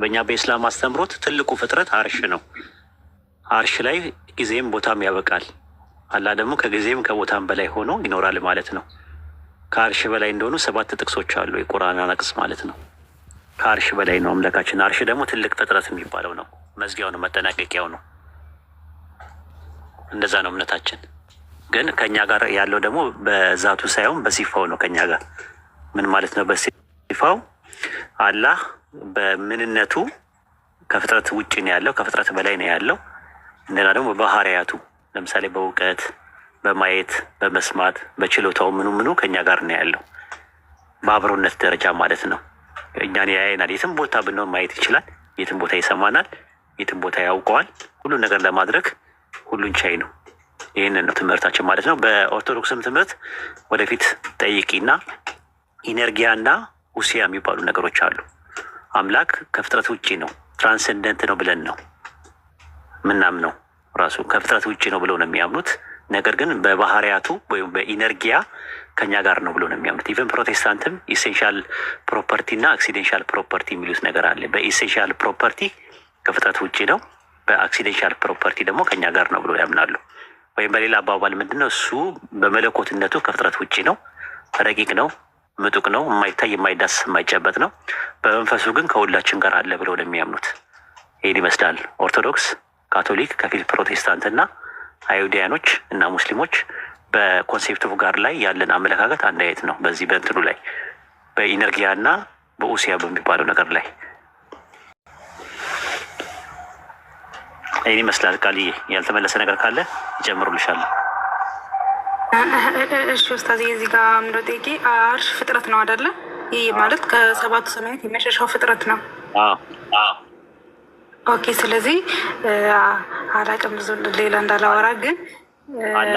በእኛ በኢስላም አስተምሮት ትልቁ ፍጥረት አርሽ ነው። አርሽ ላይ ጊዜም ቦታም ያበቃል። አላህ ደግሞ ከጊዜም ከቦታም በላይ ሆኖ ይኖራል ማለት ነው። ከአርሽ በላይ እንደሆኑ ሰባት ጥቅሶች አሉ፣ የቁርአን አናቅስ ማለት ነው። ከአርሽ በላይ ነው አምላካችን። አርሽ ደግሞ ትልቅ ፍጥረት የሚባለው ነው፣ መዝጊያው ነው፣ መጠናቀቂያው ነው። እንደዛ ነው እምነታችን። ግን ከእኛ ጋር ያለው ደግሞ በዛቱ ሳይሆን በሲፋው ነው ከኛ ጋር ምን ማለት ነው? በሲፋው አላህ በምንነቱ ከፍጥረት ውጭ ነው ያለው፣ ከፍጥረት በላይ ነው ያለው። እንደና ደግሞ በባህሪያቱ ለምሳሌ በእውቀት በማየት በመስማት በችሎታው ምኑ ምኑ ከኛ ጋር ነው ያለው በአብሮነት ደረጃ ማለት ነው። እኛን ያየናል። የትም ቦታ ብንሆን ማየት ይችላል። የትም ቦታ ይሰማናል። የትም ቦታ ያውቀዋል። ሁሉን ነገር ለማድረግ ሁሉን ቻይ ነው። ይህንን ነው ትምህርታችን ማለት ነው። በኦርቶዶክስም ትምህርት ወደፊት ጠይቂና ኢነርጊያና ውሲያ የሚባሉ ነገሮች አሉ። አምላክ ከፍጥረት ውጭ ነው፣ ትራንሰንደንት ነው ብለን ነው ምናምነው። ራሱ ከፍጥረት ውጭ ነው ብለው ነው የሚያምኑት። ነገር ግን በባህሪያቱ ወይም በኢነርጊያ ከኛ ጋር ነው ብሎ ነው የሚያምኑት። ኢቨን ፕሮቴስታንትም ኢሴንሻል ፕሮፐርቲ እና አክሲደንሻል ፕሮፐርቲ የሚሉት ነገር አለ። በኢሴንሻል ፕሮፐርቲ ከፍጥረት ውጭ ነው፣ በአክሲደንሻል ፕሮፐርቲ ደግሞ ከኛ ጋር ነው ብሎ ያምናሉ። ወይም በሌላ አባባል ምንድነው እሱ በመለኮትነቱ ከፍጥረት ውጭ ነው፣ ረቂቅ ነው ምጡቅ ነው፣ የማይታይ የማይዳስ የማይጨበጥ ነው። በመንፈሱ ግን ከሁላችን ጋር አለ ብለው ለሚያምኑት ይህን ይመስላል። ኦርቶዶክስ፣ ካቶሊክ፣ ከፊል ፕሮቴስታንት እና አይሁዲያኖች እና ሙስሊሞች በኮንሴፕት ጋር ላይ ያለን አመለካከት አንድ አይነት ነው። በዚህ በእንትኑ ላይ በኢነርጊያ እና በኡሲያ በሚባለው ነገር ላይ ይህን ይመስላል። ቃል ያልተመለሰ ነገር ካለ ይጨምሩልሻል። እሺ ኡስታዝ እዚህ ጋር ምንድን ነው ጥያቄ? አርሽ ፍጥረት ነው አይደለ? ይህ ማለት ከሰባቱ ሰማያት የሚያሸሻው ፍጥረት ነው። ኦኬ። ስለዚህ አላቅም ብዙ ሌላ እንዳላወራ ግን አላ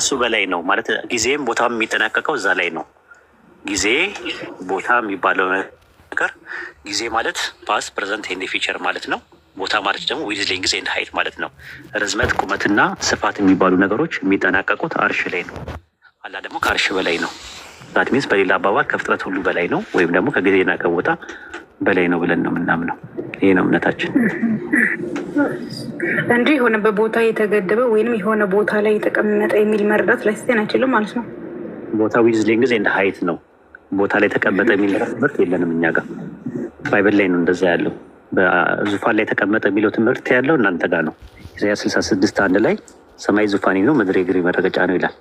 እሱ በላይ ነው ማለት ጊዜም ቦታ የሚጠናቀቀው እዛ ላይ ነው። ጊዜ ቦታ የሚባለው ነገር ጊዜ ማለት ፓስ፣ ፕሬዘንት ኤንድ ፊቸር ማለት ነው። ቦታ ማለት ደግሞ ዊዝ ሌንግዝ ኤንድ ሀይት ማለት ነው። ርዝመት ቁመትና ስፋት የሚባሉ ነገሮች የሚጠናቀቁት አርሽ ላይ ነው። አላህ ደግሞ ከአርሽ በላይ ነው። ዛት ሚንስ በሌላ አባባል ከፍጥረት ሁሉ በላይ ነው፣ ወይም ደግሞ ከጊዜና ከቦታ በላይ ነው ብለን ነው የምናምነው። ይህ ነው እምነታችን እንጂ የሆነ በቦታ የተገደበ ወይም የሆነ ቦታ ላይ የተቀመጠ የሚል መረዳት ላይስቴን አይችልም ማለት ነው። ቦታ ዊዝ ሌንግዝ ኤንድ ሀይት ነው። ቦታ ላይ የተቀመጠ የሚል ትምህርት የለንም እኛ ጋር ባይብል ላይ ነው እንደዛ ያለው። በዙፋን ላይ ተቀመጠ የሚለው ትምህርት ያለው እናንተ ጋር ነው። ኢሳያስ 66 አንድ ላይ ሰማይ ዙፋኔ ነው፣ ምድር የእግሬ መረገጫ ነው ይላል።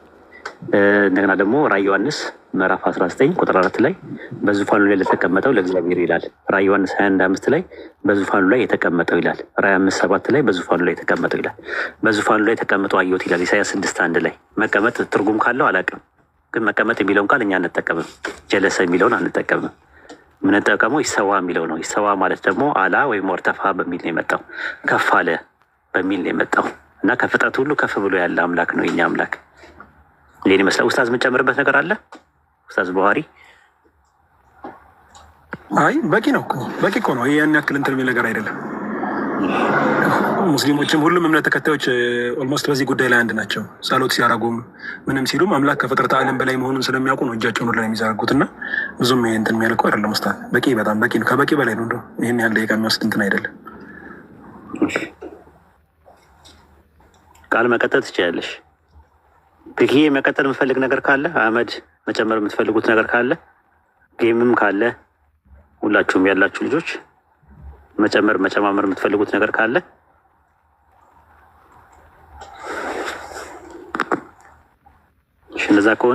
እንደገና ደግሞ ራዕይ ዮሐንስ ምዕራፍ 19 ቁጥር አራት ላይ በዙፋኑ ላይ ለተቀመጠው ለእግዚአብሔር ይላል። ራዕይ ዮሐንስ 21 አምስት ላይ በዙፋኑ ላይ የተቀመጠው ይላል። ራዕይ አምስት ሰባት ላይ በዙፋኑ ላይ የተቀመጠው ይላል። በዙፋኑ ላይ ተቀምጦ አየሁት ይላል። ኢሳያስ 6 አንድ ላይ መቀመጥ ትርጉም ካለው አላውቅም፣ ግን መቀመጥ የሚለውን ቃል እኛ አንጠቀምም። ጀለሰ የሚለውን አንጠቀምም። የምንጠቀመው ይሰዋ የሚለው ነው። ይሰዋ ማለት ደግሞ አላ ወይም ወርተፋ በሚል ነው የመጣው። ከፍ አለ በሚል ነው የመጣው እና ከፍጥረት ሁሉ ከፍ ብሎ ያለ አምላክ ነው የኛ አምላክ። ይህን ይመስላል። ኡስታዝ የምንጨምርበት ነገር አለ? ኡስታዝ ቡሃሪ አይ በቂ ነው። በቂ እኮ ነው። ያን ያክል እንትን የሚል ነገር አይደለም። ሙስሊሞችም ሁሉም እምነት ተከታዮች ኦልሞስት በዚህ ጉዳይ ላይ አንድ ናቸው። ጸሎት ሲያደርጉም ምንም ሲሉም አምላክ ከፍጥረት ዓለም በላይ መሆኑን ስለሚያውቁ ነው እጃቸውን ወደ ላይ የሚዘረጉት እና ብዙም እንትን የሚያልቀው አይደለም። ውስታ በቂ በጣም በቂ ነው፣ ከበቂ በላይ ነው። ይህን ያህል ደቂቃ የሚወስድ እንትን አይደለም። ቃል መቀጠል ትችላለሽ። ጌ መቀጠል የምፈልግ ነገር ካለ አህመድ፣ መጨመር የምትፈልጉት ነገር ካለ ጌምም ካለ ሁላችሁም ያላችሁ ልጆች መጨመር መጨማመር የምትፈልጉት ነገር ካለ እሺ፣ እንደዛ ከሆነ